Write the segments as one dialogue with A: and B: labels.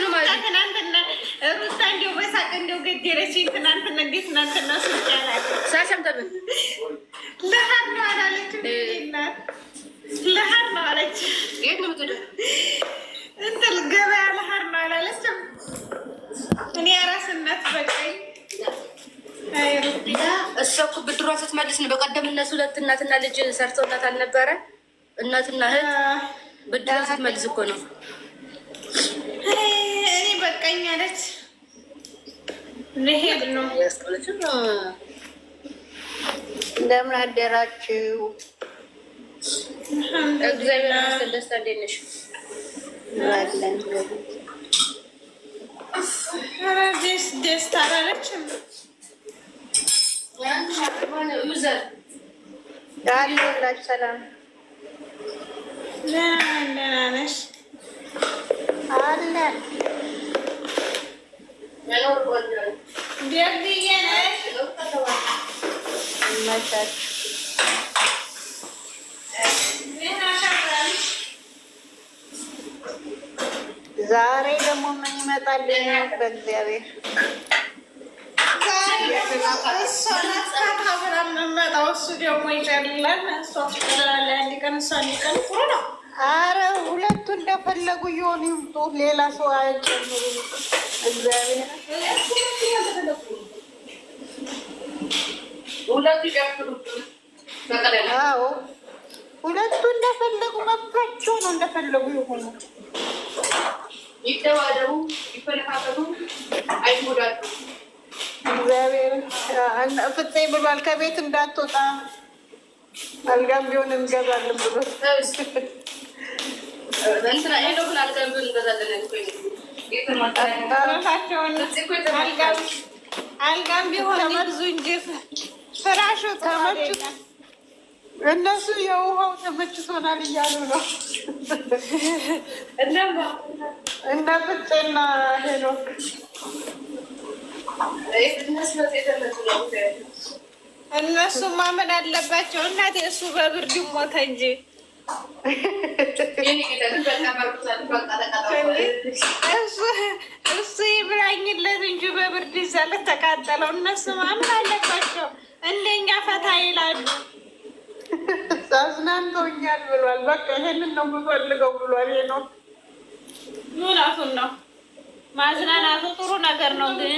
A: ሩታ
B: ብድሯ ስትመልስ ነው። በቀደም እነሱ ሁለት እናትና ልጅ ሰርተውላት አልነበረ? እናትና እህት ብድሯ ስትመልስ እኮ ነው
A: እኔ በቃኝ አለች። ልሄድ ነው።
B: እንደምን አደራችሁ? እግዚአብሔር ይመስገን። ደስታ እንዴት ነሽ?
A: ደስታ አላለችም። ሰላም ደህና ነሽ?
B: ተወዳችሁ ዛሬ ደግሞ ምን ይመጣል? በእግዚአብሔር እሱ አረ ሁለቱ እንደፈለጉ እየሆኑ ይምጡ። ሌላ ሰው አይጨምሩ። እግዚአብሔር ሁለቱ እንደፈለጉ መብታቸው ነው። እንደፈለጉ የሆኑ ይደባደቡ፣ ይፈለፋፈሉ፣ አይጎዳሉ። እግዚአብሔርን ፍፄ ብሏል ከቤት እንዳትወጣ አልጋም ቢሆን እንገዛለን ብሎ
A: አልጋም ቢሆን ተመርዙ እንጂ ስራሽ ተመችቶ
B: እነሱ የውሃው ተመችቶናል እያሉ ነው። እነ ፍጤና ሄኖክ
A: እነሱ ማመን አለባቸው። እናቴ እሱ በብርድ ሞተ እንጂ እሱ ይብላኝለት እንጂ በብርድ ይዛለት ተቃጠለው። እነሱ ማመን አለባቸው። እንደኛ ፈታ ይላሉ።
B: አዝናንተውኛል ብሏል። በቃ ይሄንን ነው የምፈልገው ብሏል። ይሄ ነው
A: ሙላቱን ነው ማዝናናቱ ጥሩ ነገር ነው፣ ግን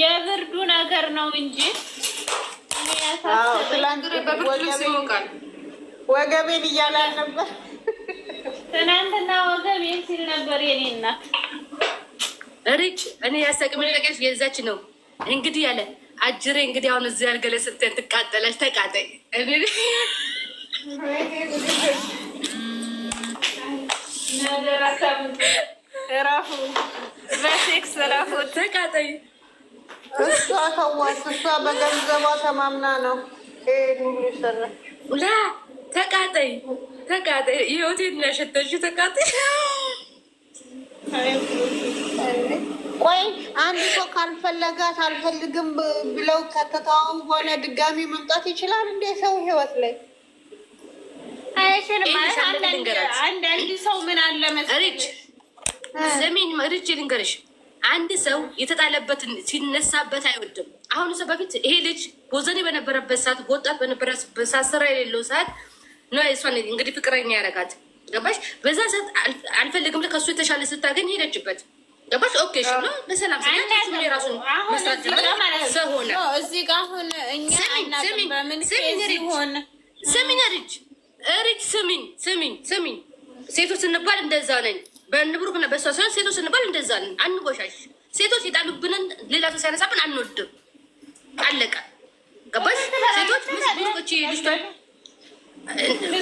A: የብርዱ ነገር ነው እንጂ
B: ወገቤን እያለ ነበር።
A: ትናንትና ወገቤን ሲል ነበር። የኔ እናት
B: ሪች እኔ ያሳቅምጠቀሽ የዛች ነው እንግዲህ ያለ አጅሬ እንግዲህ አሁን እዚህ ያልገለ ስትን ትቃጠለች። ተቃጠይ
A: በሴክስ ተቃጠይ።
B: እሷ እሷ በገንዘቧ ተማምና ነው ላ ተቃጠይ፣ ተቃጠይ። ህይወቴን ያሸተሽ ተቃጠይ
A: ቆይ አንድ ሰው ካልፈለጋት አልፈልግም ብለው ከተተዋው በኋላ ድጋሚ መምጣት ይችላል እንዴ? ሰው ህይወት ላይ አይችልም። አንዳንድ ሰው ምን አለ
B: መሰለኝ ስሚኝ ርጅ ልንገርሽ፣ አንድ ሰው የተጣለበትን ሲነሳበት አይወድም። አሁን ሰው በፊት ይሄ ልጅ ወዘኔ በነበረበት ሰዓት፣ ወጣት በነበረበት ሰዓት፣ ስራ የሌለው ሰዓት ነው እሷን እንግዲህ ፍቅረኛ ያረጋት ገባሽ። በዛ ሰዓት አልፈልግም ልክ ከሱ የተሻለ ስታገኝ ሄደችበት ገባሽ? ኦኬ እሺ በሰላም ስሚኝ ሴቶች ስንባል እንደዛ ነኝ። በንብሩክና በእሷ ሳይሆን ሴቶች ስንባል እንደዛ ነን። አንጎሻሽ ሴቶች የጣሉብንን ሌላ ሰው ሲያነሳብን አንወድም። አለቀ። ገባሽ? ሴቶች ምስብሮች ልጅቷ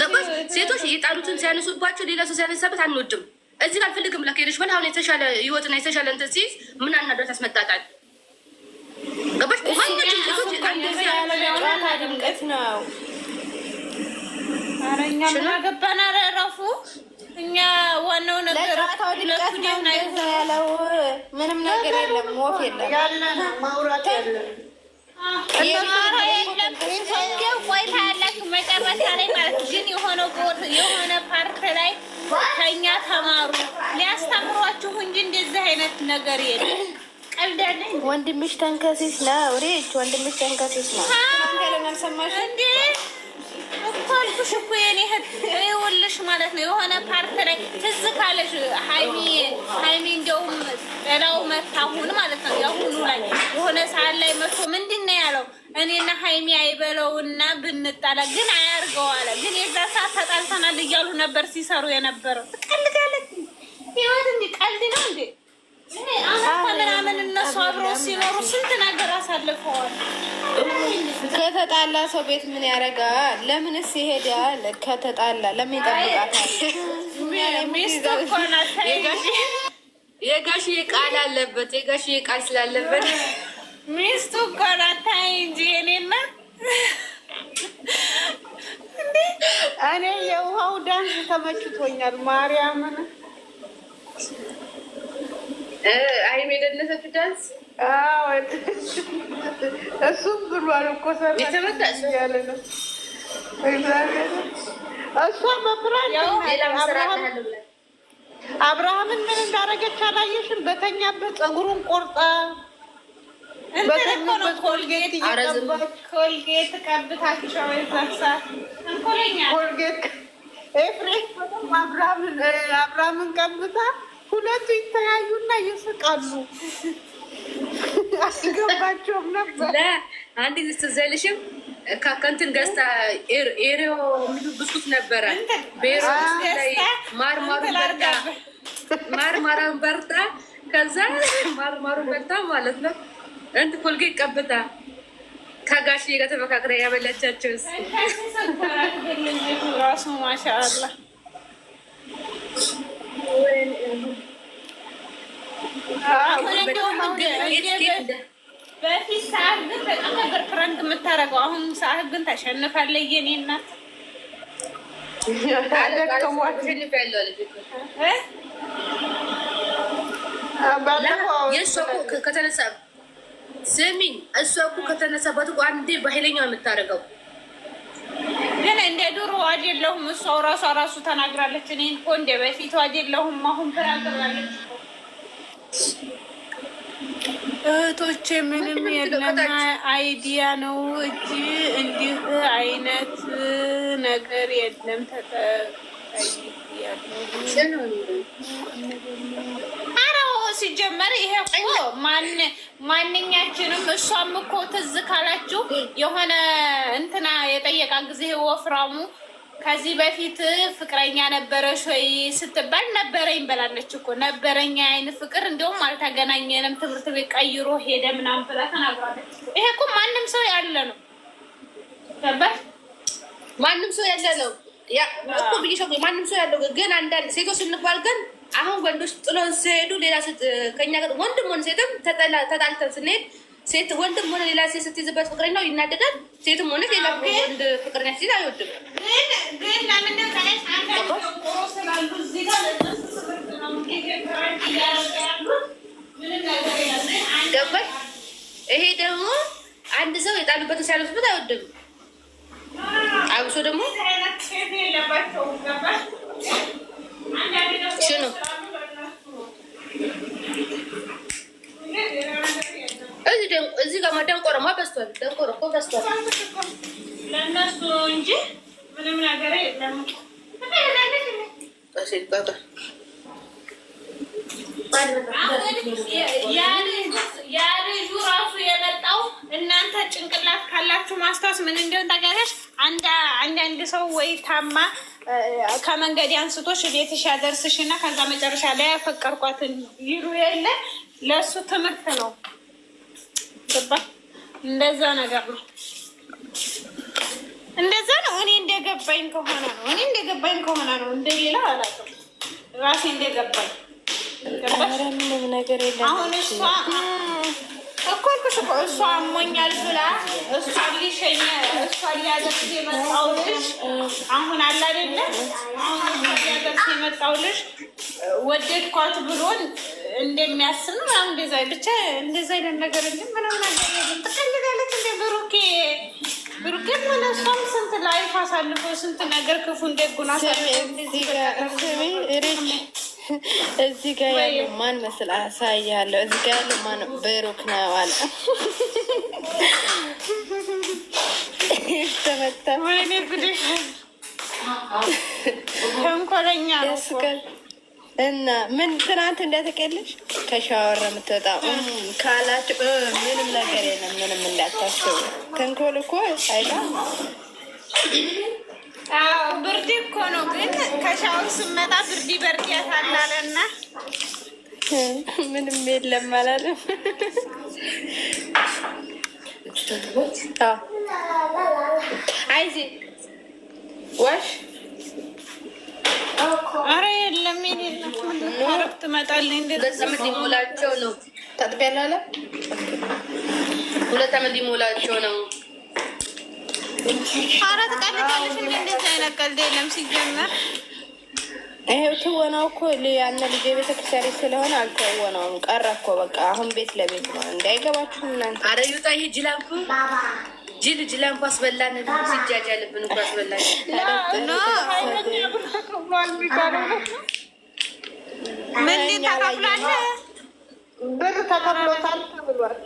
B: ገባሽ? ሴቶች የጣሉትን ሲያነሱባቸው ሌላ ሰው ሲያነሳበት አንወድም። እዚህ አልፈልግም ብላ ከሄደች በኋላ አሁን የተሻለ ህይወትና የተሻለ እንትን ሲይዝ ምን አናዷት ያስመጣጣል። ገባሽ? ድምቀት ነው።
A: ኧረ እኛ ምን አገባን? ኧረ እረፉ። እኛ ዋናው ነገር
B: ድምቀት ነው ያለው። ምንም ነገር የለም፣ ወፍ የለም።
A: ቆይታ የሆነ የሆነ ፓርት ላይ ከእኛ ተማሩ ሊያስተምሯችሁ እንጂ እንደዚህ አይነት ነገር የለም።
B: ወንድምሽ ተንከሲስ ነው። ወንድምሽ ተንከሲስ ነው።
A: አልኩሽ እኮ የኔ እህት ይኸውልሽ ማለት ነው የሆነ ፓርት ላይ ትዝ ካለሽ ሀይሚ ሀይሚ እንደውም ጥላው መታ አሁን ማለት ነው የአሁኑ ላይ የሆነ ሰዓት ላይ መቶ ምንድን ነው ያለው እኔና ሀይሚ አይበለውና ብንጣላ ግን አያርገው አለ። ግን የዛ ሰዓት ተጣልተናል እያሉ ነበር ሲሰሩ የነበረው። ትቀልጋለች ይወት እንዲ ቀልድ ነው እንዴ አመት ምናምን እነሱ አብረው ሲኖሩ ስንት ነገር አሳልፈዋል።
B: ከተጣላ ሰው ቤት ምን ያደርጋል? ለምንስ ይሄዳል? ከተጣላ ለምን ይጠብቃታል? የጋሽ ቃል አለበት። የጋሽ ቃል ስላለበት
A: ሚስቱ እኮ ናት። ታይ እንጂ እኔና
B: እኔ የውሃው ዳንስ ተመችቶኛል ማርያምን አይም የደነሰች ዳንስ እሱም ብሏል እኮ እሷ መፍራት አብርሃምን ምን እንዳደረገች አላየሽም? በተኛበት ፀጉሩን ቆርጣ
A: በተኛበት ኮልጌት ኮልጌት ቀብታቸው ኮልጌት
B: ኤፍሬም አብርሃምን ቀብታ ሁለቱ ይተያዩና ይስቃሉ። አስገባቸውም ነበር። አንድ ልትዘልሽም ከከንትን ገዝታ ኤሪዮ ብስኩት ነበረ ማርማራን በርታ፣ ከዛ ማርማሩን በርታ ማለት ነው። እንትን ኮልጌት ቀብታ ከጋሽ ጋር ተመካክራ ያበላቻቸው
A: ራሱ ማሻአላህ በፊት ሰዓት ግን በጣም ነበር ፕራንክ የምታደርገው። አሁን ሰዓት ግን ታሸንፋለህ። የኔ እናት
B: ስሚኝ፣ እሷ እኮ ከተነሳባት አንዴ በኃይለኛው የምታደርገው
A: ግን እንደ ድሮ አይደለሁም። እሷ እራሷ ራሱ ተናግራለች። እኔ እኮ እንደ በፊቱ አይደለሁም። አሁን ተናግራለች። እህቶቼ ምንም የለም አይዲያ ነው እጅ እንዲህ አይነት ነገር የለም። ተጠያለሁ ሲጀመር ይሄ እኮ ማንኛችንም እሷም እኮ ትዝ ካላችሁ የሆነ እንትና የጠየቃ ጊዜ ይሄ ወፍራሙ ከዚህ በፊት ፍቅረኛ ነበረሽ ወይ ስትባል ነበረኝ ብላለች እኮ ነበረኛ አይን ፍቅር እንዲሁም አልተገናኘንም፣ ትምህርት ቤት ቀይሮ ሄደ ምናምን ብላ ተናግራለች። ይሄ እኮ ማንም ሰው ያለ ነው። ነበር
B: ማንም ሰው ያለ ነው። ማንም ሰው ያለው ግን አንዳንድ ሴቶች ስንባል ግን አሁን ወንዶች ጥሎን ሲሄዱ ሌላ ሴት ከኛ ጋር ወንድም ሆነ ሴትም ተጣልተን ስንሄድ ሴት ወንድም ሆነ ሌላ ሴት ስትይዝበት ፍቅረኛው ይናደዳል። ሴትም ሆነ ሌላ ወንድ ፍቅረኛ ሲል አይወድም። ገባሽ? ይሄ ደግሞ አንድ ሰው የጣሉበትን ሲያለብሱበት አይወድም። አብሶ ደግሞ እዚህ ጋር ደንቆሮማ በዝቷል። ደንቆሮ እኮ በዝቷል።
A: ለእነሱ እንጂ ምንም ነገር የለም። ያ ራሱ የመጣው እናንተ ጭንቅላት ካላችሁ ማስታወስ ምን እንደሆነ ታውቂያለሽ። አንዳንድ ሰው ወይ ታማ ከመንገድ አንስቶሽ ቤትሽ ያደርስሽ እና ከዛ መጨረሻ ላይ ያፈቀርኳትን ይሉ የለ ለእሱ ትምህርት ነው። እንደዛ ነገር ነው። እንደዛ ነው። እኔ እንደገባኝ ከሆነ ነው። እኔ እንደገባኝ ከሆነ ነው። እንደሌላ አላውቅም። ራሴ እንደገባኝ
B: ምንም ነገር የለም
A: አሁን እሷ እኮ አልኩሽ እኮ እሷ አሞኛል ብላ እሷ ሊሸኝ እሷ ሊያዘች የመጣው አሁን አለ አይደለ? አሁን እሷ ሊያዘች የመጣው ወደድኳት ብሎን እንደሚያስብ ነው። አሁን እንደዛ ብቻ እንደዛ አይነት ነገር እንጂ ምንም ነገር የለም። ትቀልዳለች እንደ ብሩኬ ብሩኬ ምን እሷም ስንት ላይፍ አሳልፎ ስንት ነገር ክፉ እንደጉና ሳቢ
B: እዚህ ጋር ያለው ማን መስል አሳያለሁ። እዚህ ጋር ያለው ማን ብሩክ ነው አለ ተመታ። ወይኔ
A: ጉዴ! ተንኮለኛ
B: እና ምን ትናንት እንዳትቀልሽ ከሻወር የምትወጣ ካላችሁ ምንም ነገር የለም። ምንም እንዳታስቡ። ተንኮል እኮ አይታ
A: አዎ ብርድ እኮ ነው፣ ግን ከሻወር ስመጣ ብርድ በርድ ያታላለና
B: ምንም የለም አላለም። አይዚ ወሽ
A: አረ የለም ረብ ትመጣለች። ሁለት
B: ዓመት ሊሞላቸው ነው። ታጥቢያለህ አለ። ሁለት ዓመት ሊሞላቸው ነው።
A: አራት ቀን ቀልሽ እንደ አይነት ቀልድ የለም ሲጀመር።
B: ይሄው ትወናው እኮ ያነ ልጅ ቤተክርስቲያን ስለሆነ አልተወናውም ቀረ እኮ በቃ። አሁን ቤት ለቤት ነው እንዳይገባችሁ እናንተ። አረ ይውጣ ይሄ ጅላንኩ ጅል ጅላንኩ አስበላን ሲጃጃልብን እኮ አስበላን
A: ምን ተከፍሏል?
B: ብር ተከፍሎታል ተብሏል።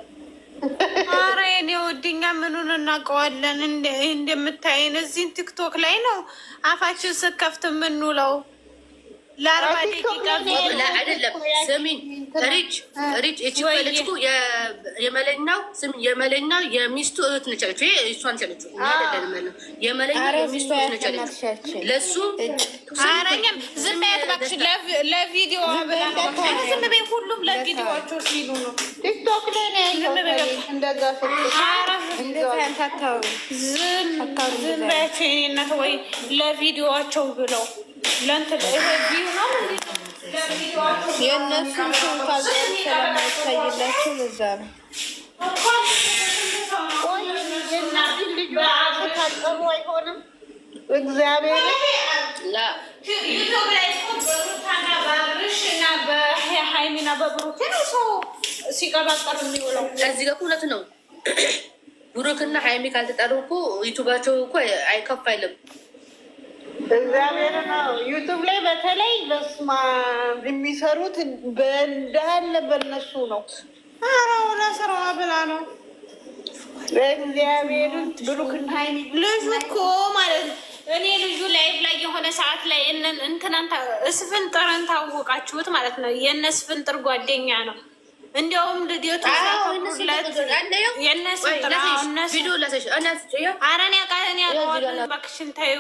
A: ኧረ የእኔ ወድኛ ምኑን እናውቀዋለን። እንደምታይን እዚህን ቲክቶክ ላይ ነው አፋችን ስከፍት የምንውለው ለአርባ ደቂቃ
B: ስሚኝ ሪች ሪች እቺ የመለኛው የመለኛው የሚስቱ እህት ነች አለችው። ይሄ እሷን ቻለችው የመለኛው የሚስቱ እህት ነች አለችው። ለሱ
A: አረኛም ዝም እባክሽ፣ ለቪዲዮ ዝም በይ። ሁሉም ለቪዲዮቸው ሲሉ ነው። ቲክቶክ ላይ ነው ያለው። እንደዛ ዝም ዝም በያቸው የእኔ እናት ወይ ለቪዲዮቸው ብለው ለእንትን ይሄ ነው
B: የእነሱ ስም ካልጠሩ ስለማይታይላቸው በዛ ነው። እግዚአብሔር
A: ሀይሚና በብሩኬ ነው
B: እዚህ ጋር እውነት ነው። ብሩክና ሀይሚ ካልተጠሩ እኮ ዩቱባቸው እኮ አይከፍ እግዚአብሔር ነው። ዩቱብ ላይ በተለይ በስማ የሚሰሩት እንዳለ በነሱ ነው። ኧረ ለስራዋ ብላ ነው። እግዚአብሔር ብሩክና
A: ልጁ እኮ ማለት እኔ ልጁ ላይቭ ላይ የሆነ ሰዓት ላይ እንትናን እስፍንጥርን ታወቃችሁት ማለት ነው። የእነ እስፍንጥር ጓደኛ ነው። እንዲያውም ልዴቱ የእነ እስፍንጥር አረን ያቃተን ያለዋሉ ባክሽን ታዩ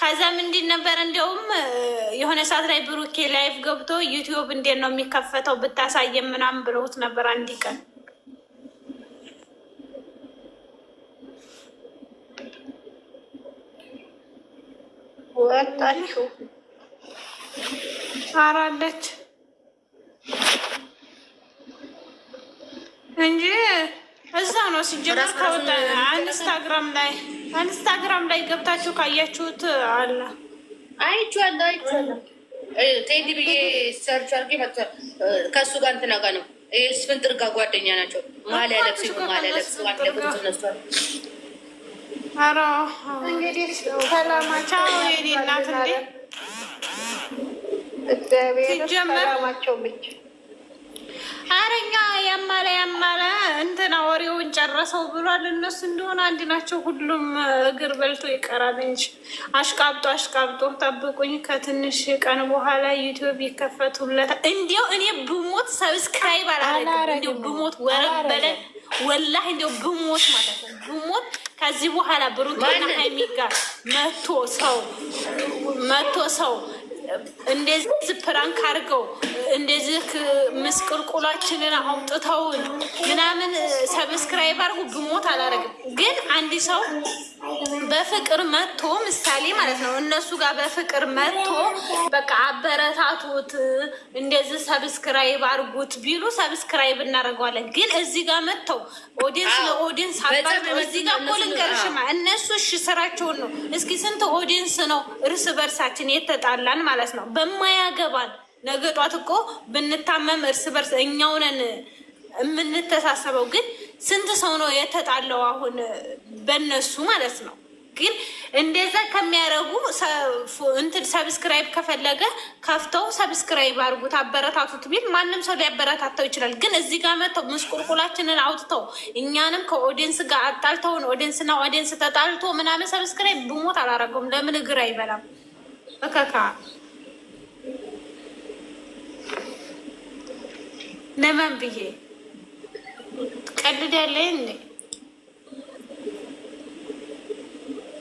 A: ከዛ ምንድን ነበር እንዲያውም የሆነ ሰዓት ላይ ብሩኬ ላይፍ ገብቶ ዩቲዩብ እንዴት ነው የሚከፈተው ብታሳየ ምናምን ብለውት ነበር። አንድ ቀን
B: ወጣችሁ
A: አራለች እንጂ እዛ ነው ሲጀመር ከወጣ ኢንስታግራም ላይ ኢንስታግራም ላይ ገብታችሁ ካያችሁት አለ
B: አይቼዋለሁ፣ አይቼዋለሁ። ቴዲ ብዬ ሰርች አድርጌ መጥቷል። ከእሱ ጋር እንትና ጋር ነው ስፍንጥር ጋር ጓደኛ ናቸው። ማሊያ ለብስ ማሊያ ለብስ አንድ ለብስ ነስቷል።
A: እንግዲህ ሰላማቸው የኔ እናት
B: እንዴ ሲጀመር ሰላማቸው ብቻ
A: አረኛ ያማለ ያማለ እንትና ወሬውን ጨረሰው ብሏል። እነሱ እንደሆነ አንድ ናቸው። ሁሉም እግር በልቶ ይቀራል እንጂ አሽቃብጦ አሽቃብጦ ጠብቁኝ። ከትንሽ ቀን በኋላ ዩቲዩብ ይከፈቱለታል። እንዲያው እኔ ብሞት ሰብስክራይብ አላረግም። እንዲያው ብሞት ወረብ በለ ወላሂ እንዲያው ብሞት ማለት ነው ብሞት ከዚህ በኋላ ብሩቴና ሀይሚ ጋር መቶ ሰው መቶ ሰው እንደዚህ ፕራንክ አድርገው እንደዚህ ምስቅልቁላችንን አውጥተው ምናምን ሰብስክራይብ አድርጉ ብሞት አላረግም። ግን አንድ ሰው በፍቅር መጥቶ ምሳሌ ማለት ነው እነሱ ጋር በፍቅር መጥቶ በቃ አበረታቱት፣ እንደዚህ ሰብስክራይብ አርጉት ቢሉ ሰብስክራይብ እናደርገዋለን። ግን እዚህ ጋር መጥተው ኦዲንስ ለኦዲንስ እዚህ ጋር እኮ ልንገርሽማ እነሱ እሺ ስራቸውን ነው። እስኪ ስንት ኦዲንስ ነው እርስ በርሳችን የተጣላን ማለት ነው በማያገባን ነገ ጧት እኮ ብንታመም እርስ በርስ እኛውነን የምንተሳሰበው። ግን ስንት ሰው ነው የተጣለው አሁን በነሱ ማለት ነው። ግን እንደዛ ከሚያደርጉ እንትን ሰብስክራይብ ከፈለገ ከፍተው ሰብስክራይብ አድርጉት አበረታቱት ቢል ማንም ሰው ሊያበረታታው ይችላል። ግን እዚህ ጋር መጥተው ምስቁልቁላችንን አውጥተው እኛንም ከኦዲንስ ጋር አጣልተውን ኦዲየንስና ኦዲንስ ተጣልቶ ምናምን ሰብስክራይብ ብሞት አላረገውም። ለምን እግር አይበላም እከካ ለማን ብዬ ቀልዳለህ?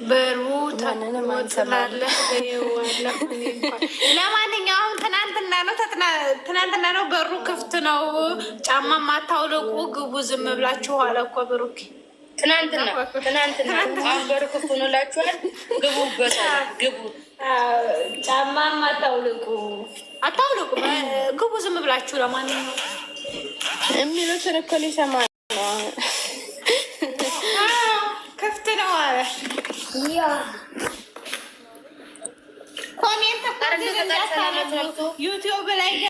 A: በሩ ለማንኛውም ትናንትና ነው ትናንትና ነው፣ በሩ ክፍት ነው። ጫማ ማታውለቁ ግቡ ዝም ብላችኋል እኮ ብሩኬ
B: ትናንትና ትናንትና አንበር ክፉን እላችኋል። ግቡበት ግቡ፣ ጫማም አታውልቁ
A: አታውልቁ፣ ግቡ ዝም ብላችሁ። ለማንኛውም
B: የሚለው ትርክል ይሰማ
A: ክፍት ነው አለ ኮሜንት ዩቲዩብ ላይ